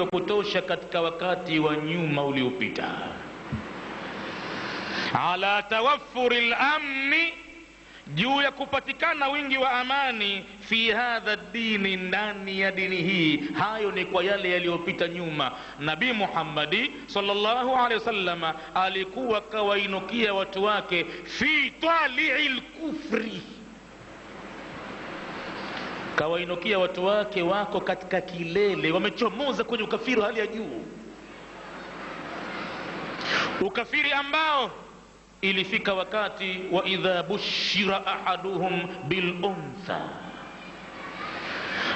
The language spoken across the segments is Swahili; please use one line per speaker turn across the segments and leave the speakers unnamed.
ya kutosha katika wakati wa nyuma uliopita ala tawafuri lamni juu ya kupatikana wingi wa amani fi hadha dini, ndani ya dini hii. Hayo ni kwa yale yaliyopita nyuma. Nabii Muhammadi sallallahu alaihi wasallam alikuwa kawainukia watu wake fi talii lkufri kawainukia watu wake, wako katika kilele, wamechomoza kwenye ukafiri wa hali ya juu, ukafiri ambao ilifika wakati wa idha bushira ahaduhum bil untha,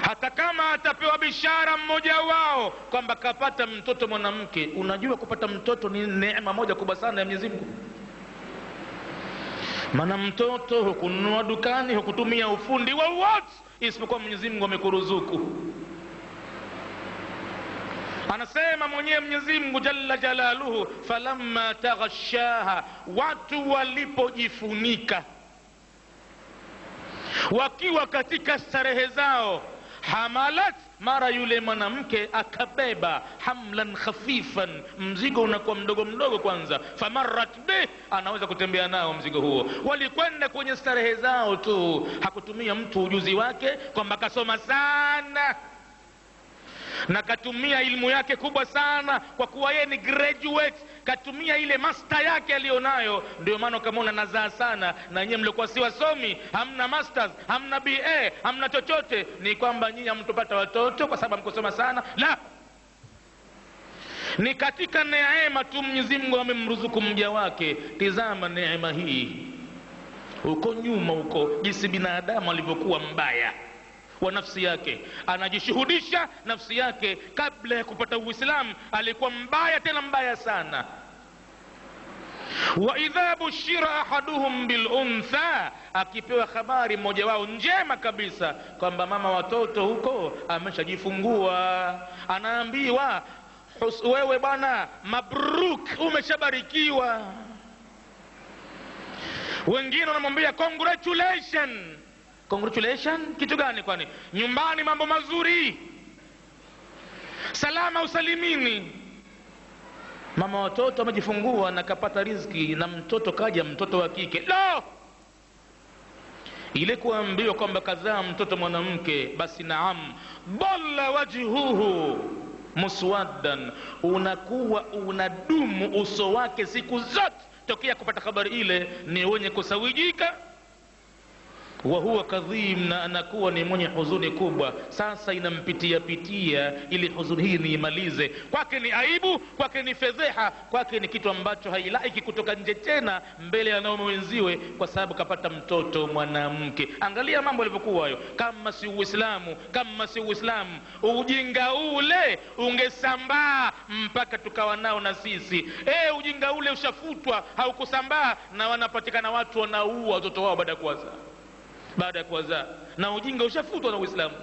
hata kama atapewa bishara mmoja wao kwamba kapata mtoto mwanamke. Unajua, kupata mtoto ni neema moja kubwa sana ya Mwenyezi maana mtoto hukununua dukani, hukutumia ufundi wowote isipokuwa mwenyezi mungu amekuruzuku anasema mwenyewe Mungu jalla jalaluhu falamma taghashaha watu walipojifunika wakiwa katika starehe zao hamalat, mara yule mwanamke akabeba, hamlan khafifan, mzigo unakuwa mdogo mdogo kwanza, famarrat bih, anaweza kutembea nao mzigo huo. Walikwenda kwenye starehe zao tu, hakutumia mtu ujuzi wake kwamba kasoma sana na katumia ilmu yake kubwa sana kwa kuwa yeye ni graduate katumia ile masta yake aliyonayo ndio maana ukamwona nazaa sana na nyiwe mliokuwa si wasomi hamna masters hamna ba hamna chochote ni kwamba nyinyi hamtopata watoto kwa sababu amkusoma sana la ni katika neema tu mwenyezi mungu amemruzuku mja wake tizama neema hii huko nyuma huko jinsi binadamu alivyokuwa mbaya wa nafsi yake anajishuhudisha nafsi yake kabla ya kupata uislamu alikuwa mbaya tena mbaya sana wa idha bushira ahaduhum biluntha akipewa habari mmoja wao njema kabisa kwamba mama watoto huko ameshajifungua anaambiwa wewe bwana mabruk umeshabarikiwa wengine wanamwambia congratulation congratulation kitu gani kwani nyumbani mambo mazuri salama usalimini mama watoto amejifungua na kapata riziki na mtoto kaja mtoto wa kike no! ile kuambiwa kwamba kadhaa mtoto mwanamke basi naam bolla wajhuhu muswaddan unakuwa unadumu uso wake siku zote tokea kupata habari ile ni wenye kusawijika wa huwa kadhim, na anakuwa ni mwenye huzuni kubwa. Sasa inampitia pitia ili huzuni hii niimalize. Kwake ni aibu, kwake ni fedheha, kwake ni kitu ambacho hailaiki kutoka nje tena mbele ya wanaume wenziwe, kwa sababu kapata mtoto mwanamke. Angalia mambo yalivyokuwa hayo, kama si Uislamu, kama si Uislamu. Ujinga ule ungesambaa mpaka tukawa nao na sisi. E, ujinga ule ushafutwa, haukusambaa na wanapatikana watu wanaua watoto wao baada ya kuwazaa baada ya kuwazaa na ujinga ushafutwa na uislamu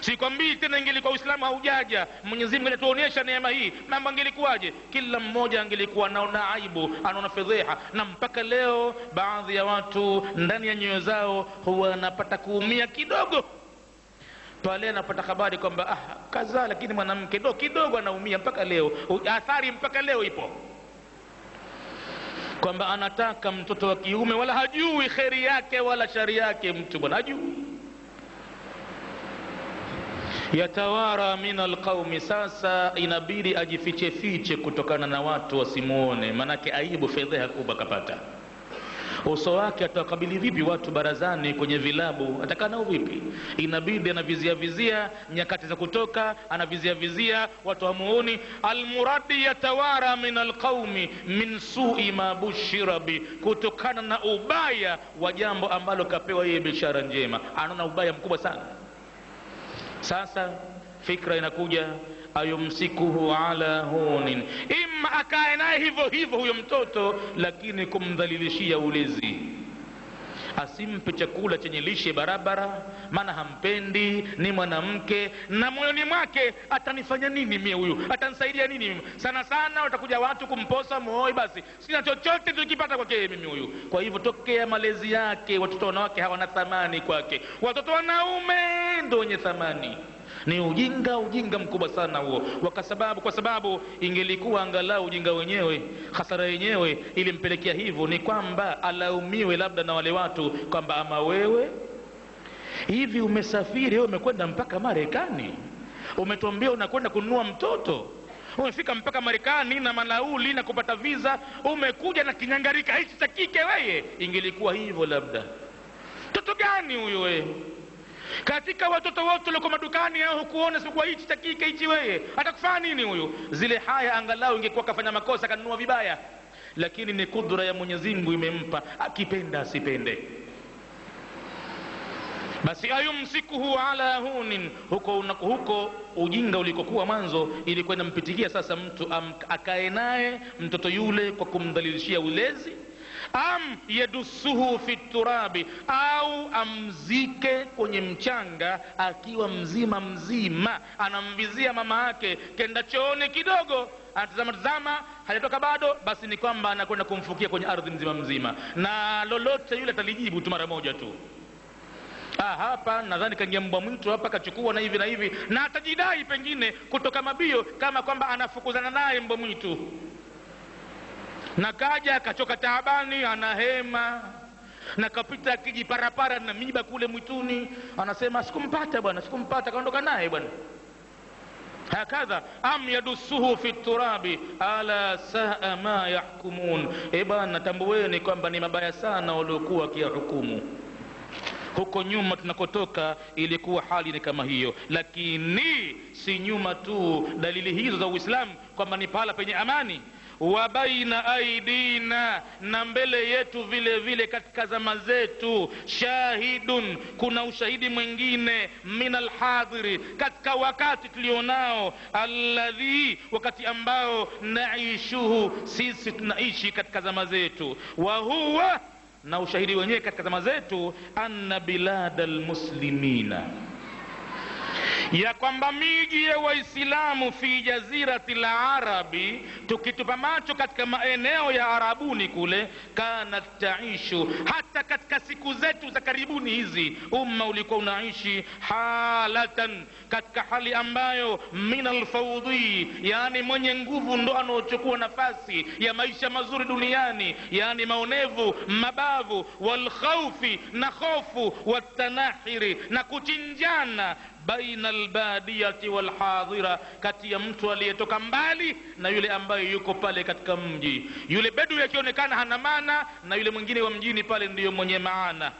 sikwambii tena ingelikuwa uislamu haujaja mwenyezi alituonyesha neema hii mambo angelikuwaje kila mmoja angelikuwa anaona aibu anaona fedheha na mpaka leo baadhi ya watu ndani ya nyoyo zao huwa anapata kuumia kidogo pale anapata habari kwamba ah, kazaa lakini mwanamke ndo kidogo anaumia mpaka leo athari mpaka leo ipo kwamba anataka mtoto wa kiume wala hajui kheri yake wala shari yake mtu bwana hajui yatawara min alqaumi sasa inabidi ajifichefiche kutokana na watu wasimwone manake aibu fedheha kubwa kapata uso wake atawakabili vipi watu barazani kwenye vilabu atakaa nao vipi inabidi anavizia vizia nyakati za kutoka anavizia vizia watu wamuoni almuradi yatawara min alqaumi min sui ma bushirabi kutokana na ubaya wa jambo ambalo kapewa yeye bishara njema anaona ubaya mkubwa sana sasa fikra inakuja ayumsikuhu ala hunin, ima akae naye hivyo hivyo huyo mtoto, lakini kumdhalilishia ulezi asimpe chakula chenye lishe barabara, maana hampendi, ni mwanamke na moyoni mwake, atanifanya nini mie huyu, atanisaidia nini Sana sana watakuja watu kumposa muoi, basi sina chochote tukipata kwake mimi huyu. Kwa hivyo tokea malezi yake, watoto wanawake hawana thamani kwake, watoto wanaume ndio wenye thamani ni ujinga ujinga mkubwa sana huo kwa sababu kwa sababu ingelikuwa angalau ujinga wenyewe hasara yenyewe ilimpelekea hivyo ni kwamba alaumiwe labda na wale watu kwamba ama wewe hivi umesafiri wewe umekwenda mpaka marekani umetuambia unakwenda kununua mtoto umefika mpaka marekani na malauli na kupata viza umekuja na kinyangarika hichi cha kike weye ingelikuwa hivyo labda mtoto gani huyo wewe katika watoto wote walioko madukani yao hukuona isipokuwa hichi cha kike hichi, wewe atakufaa nini huyu? Zile haya angalau ingekuwa kafanya makosa akanunua vibaya, lakini ni kudra ya Mwenyezi Mungu imempa, akipenda asipende. Basi ayumsikuhu ala hunin, huko, huko ujinga ulikokuwa mwanzo ilikuwa inampitikia sasa mtu akae naye mtoto yule kwa kumdhalilishia ulezi am yadussuhu fi turabi, au amzike kwenye mchanga akiwa mzima mzima, anamvizia mama yake, kenda chooni kidogo, anatazama tazama, hajatoka bado, basi ni kwamba anakwenda kumfukia kwenye ardhi mzima mzima, na lolote yule atalijibu tu mara moja tu Ah, hapa nadhani kaingia mbwa mwitu hapa kachukua na hivi na hivi, na atajidai pengine kutoka mabio kama kwamba anafukuzana naye mbwa mwitu na kaja akachoka taabani, anahema na kapita akijiparapara na miba kule mwituni, anasema sikumpata bwana, sikumpata, kaondoka naye bwana. Hakadha am yadussuhu fi turabi ala saa ma yahkumun. E bwana, tambueni kwamba ni mabaya sana waliokuwa wakiyahukumu huko nyuma tunakotoka ilikuwa hali ni kama hiyo, lakini si nyuma tu. Dalili hizo za Uislamu kwamba ni pahala penye amani wa baina aidina, na mbele yetu vile vile katika zama zetu, shahidun, kuna ushahidi mwingine min alhadhiri, katika wakati tulionao, alladhi, wakati ambao naishuhu, sisi tunaishi katika zama zetu, wa huwa na ushahidi wenyewe katika zama zetu, anna bilada almuslimina ya kwamba miji ya Waislamu fi jazirati la arabi, tukitupa macho katika maeneo ya Arabuni kule, kanat taishu, hata katika siku zetu za karibuni hizi, umma ulikuwa unaishi halatan, katika hali ambayo min alfaudhi, yani mwenye nguvu ndo anaochukua nafasi ya maisha mazuri duniani, yani maonevu, mabavu, walkhaufi na hofu, watanahiri na kuchinjana baina albadiyati walhadhira, kati ya mtu aliyetoka mbali na yule ambaye yuko pale katika mji. Yule bedu akionekana hana maana, na yule mwingine wa mjini pale ndiyo mwenye maana.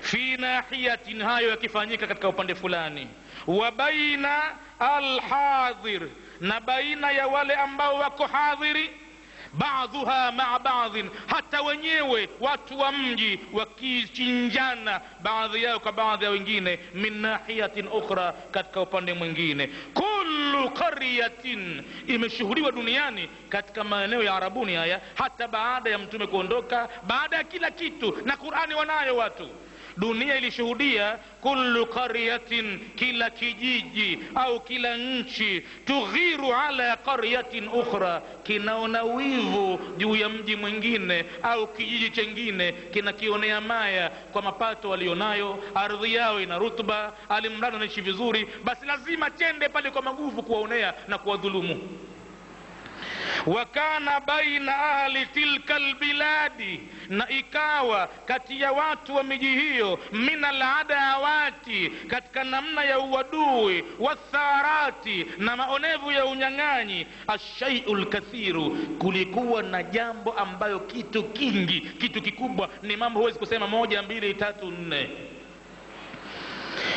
Fi nahiyatin, hayo yakifanyika katika upande fulani. Wa baina alhadhir, na baina ya wale ambao wako hadhiri baadhuha maa baadhin, hata wenyewe watu wa mji wakichinjana baadhi yao kwa baadhi ya wengine, min nahiyatin ukhra, katika upande mwingine. Kullu qaryatin, imeshuhudiwa duniani katika maeneo ya Arabuni haya, hata baada ya mtume kuondoka, baada ya kila kitu, na Qurani wanayo watu dunia ilishuhudia kullu qaryatin kila kijiji au kila nchi tughiru ala qaryatin ukhra kinaona wivu juu ya mji mwingine au kijiji chengine kinakionea maya kwa mapato walionayo ardhi yao ina rutba alimradi anaishi vizuri basi lazima chende pale kwa maguvu kuwaonea na kuwadhulumu wakana baina ahli tilka lbi wadi, na ikawa kati ya watu wa miji hiyo, minal adawati, katika namna ya uadui, watharati, na maonevu ya unyang'anyi, ashaiu lkathiru, kulikuwa na jambo ambayo kitu kingi, kitu kikubwa. Ni mambo huwezi kusema moja, mbili, tatu, nne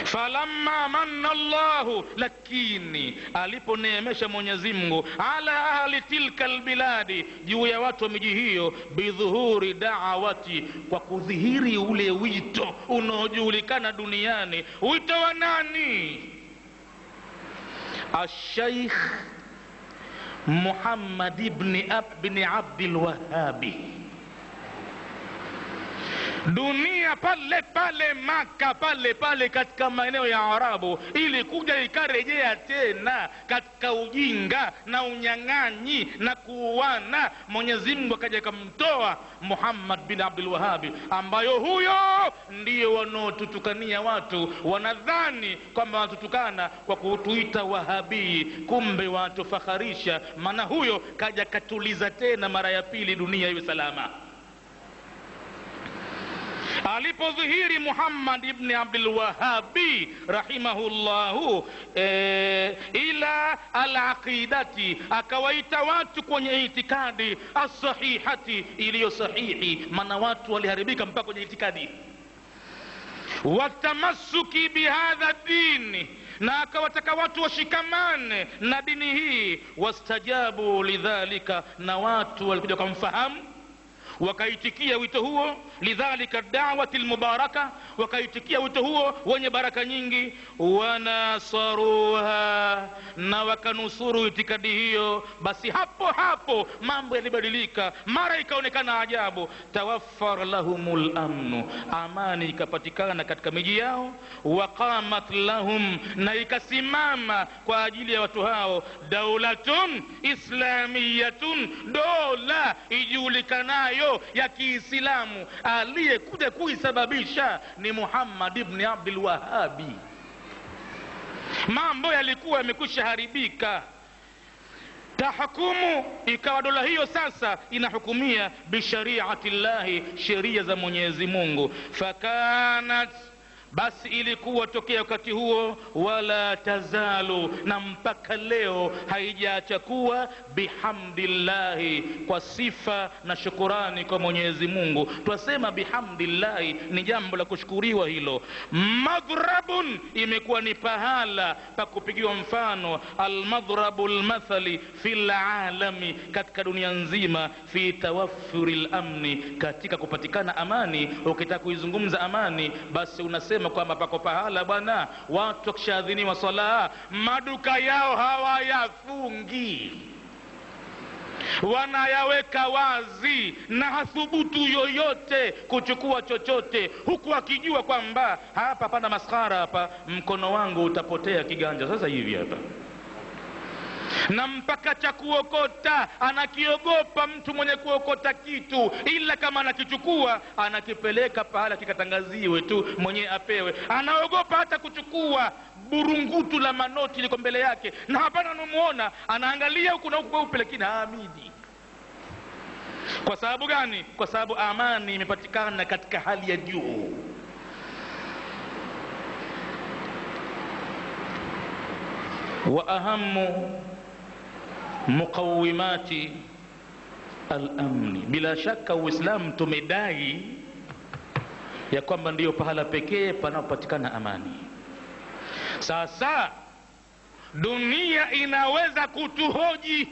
falamma manna Allahu, lakini aliponeemesha Mwenyezi Mungu ala ahli tilka albiladi, juu ya watu wa miji hiyo, bidhuhuri daawati, kwa kudhihiri ule wito unaojulikana duniani. Wito wa nani? Ashaikh Muhammad ibn abdilwahabi Wahabi dunia pale pale Maka pale pale katika maeneo ya Arabu ilikuja ikarejea tena katika ujinga na unyang'anyi na kuuana. Mwenyezi Mungu akaja kamtoa Muhammad bin Abdul Wahabi, ambayo huyo ndiyo wanaotutukania watu, wanadhani kwamba wanatutukana kwa kutuita Wahabii, kumbe wanatufaharisha. Maana huyo kaja katuliza tena mara ya pili dunia iwe salama. Alipodhihiri Muhammad ibn Abdul Wahabi rahimahullahu e, ila alaqidati, akawaita watu kwenye itikadi asahihati, iliyo sahihi. Maana watu waliharibika mpaka kwenye itikadi watamasuki bihadha dini na akawataka watu washikamane na dini hii. Wastajabu lidhalika, na watu walikuja wakamfahamu wakaitikia wito huo lidhalika dawati lmubaraka wakaitikia wito huo wenye baraka nyingi wanasaruha na wakanusuru itikadi hiyo basi hapo hapo mambo yalibadilika mara ikaonekana ajabu tawaffar lahum lamnu amani ikapatikana katika miji yao waqamat lahum na ikasimama kwa ajili ya watu hao daulatun islamiyatun dola ijulikanayo ya kiislamu aliyekuja kuisababisha ni Muhammad ibn Abdul Wahabi. Mambo yalikuwa yamekwisha haribika, tahkumu ikawa dola hiyo sasa inahukumia bishariati llahi, sheria za Mwenyezi Mungu fakanat basi ilikuwa tokea wakati huo, wala tazalu, na mpaka leo haijaacha kuwa bihamdillahi, kwa sifa na shukurani kwa Mwenyezi Mungu. Twasema bihamdillahi ni jambo la kushukuriwa hilo. Madhrabun imekuwa ni pahala pa kupigiwa mfano, almadhrabu lmathali fi lalami, katika dunia nzima, fi tawafuri lamni, katika kupatikana amani. Ukitaka kuizungumza amani, basi unasema anasema kwamba pako pahala bwana, watu wakishaadhiniwa swala maduka yao hawayafungi, wanayaweka wazi na hathubutu yoyote kuchukua chochote, huku akijua kwamba hapa pana maskhara, hapa mkono wangu utapotea kiganja sasa hivi hapa na mpaka cha kuokota anakiogopa mtu mwenye kuokota kitu, ila kama anakichukua anakipeleka pahala kikatangaziwe tu, mwenyewe apewe. Anaogopa hata kuchukua burungutu la manoti liko mbele yake, na hapana anamuona, anaangalia huku na huku kweupe, lakini haamini. Kwa sababu gani? Kwa sababu amani imepatikana katika hali ya juu. wa ahamu muqawimati al Bila shaka Uislamu tumedai ya kwamba ndiyo pahala pekee panapopatikana amani. Sasa dunia inaweza kutuhoji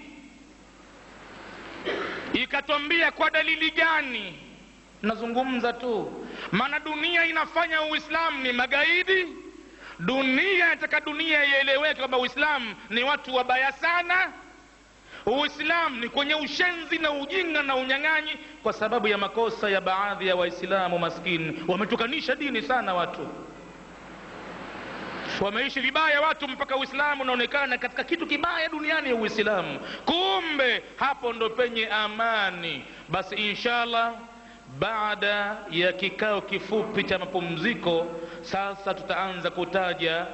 ikatwambia kwa dalili gani? Nazungumza tu, maana dunia inafanya Uislamu ni magaidi. Dunia inataka dunia ieleweke kwamba Uislamu ni watu wabaya sana Uislamu ni kwenye ushenzi na ujinga na unyang'anyi, kwa sababu ya makosa ya baadhi ya Waislamu maskini. Wametukanisha dini sana watu, wameishi vibaya watu, mpaka Uislamu unaonekana katika kitu kibaya duniani ya Uislamu. Kumbe hapo ndo penye amani. Basi inshallah baada ya kikao kifupi cha mapumziko, sasa tutaanza kutaja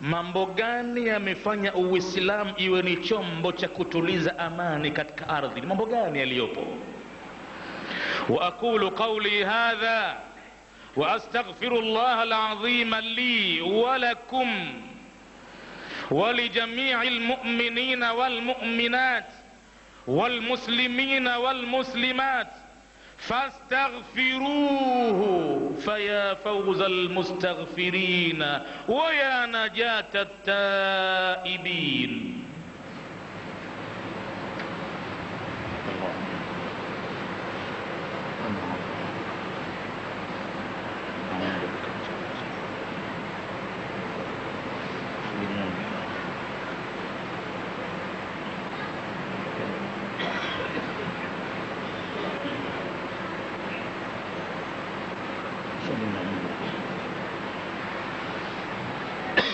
mambo gani yamefanya uislamu iwe ni chombo cha kutuliza amani katika ardhi ni mambo gani yaliyopo واقول قولي هذا واستغفر الله العظيم لي ولكم ولجميع المؤمنين والمؤمنات والمسلمين والمسلمات فاستغفروه فيا فوز المستغفرين ويا نجاة التائبين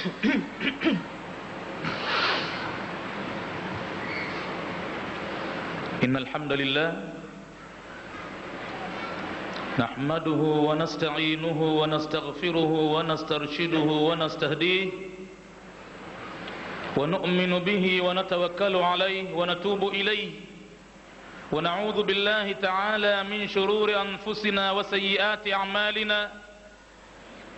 إن الحمد لله نحمده ونستعينه ونستغفره ونسترشده ونستهديه ونؤمن به ونتوكل عليه ونتوب إليه ونعوذ بالله تعالى من شرور أنفسنا وسيئات أعمالنا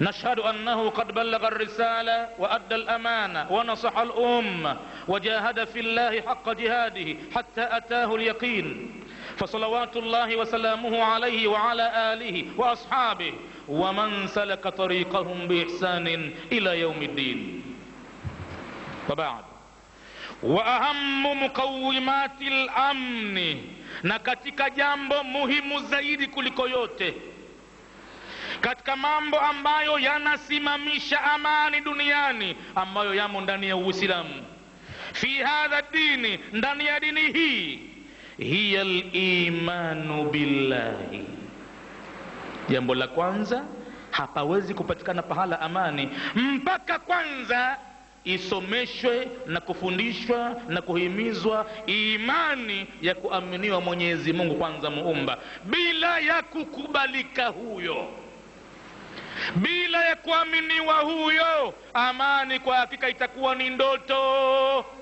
نشهد أنه قد بلغ الرسالة وأدى الأمانة ونصح الأمة وجاهد في الله حق جهاده حتى أتاه اليقين فصلوات الله وسلامه عليه وعلى آله وأصحابه ومن سلك طريقهم بإحسان إلى يوم الدين وبعد وأهم مقومات الأمن نكتك katika مهم زيد كل كيوته katika mambo ambayo yanasimamisha amani duniani ambayo yamo ndani ya uislamu fi hadha dini ndani ya dini hii hiya limanu billahi jambo la kwanza hapawezi kupatikana pahala amani mpaka kwanza isomeshwe na kufundishwa na kuhimizwa imani ya kuaminiwa mwenyezi mungu kwanza muumba bila ya kukubalika huyo bila ya kuaminiwa huyo, amani kwa hakika itakuwa ni ndoto.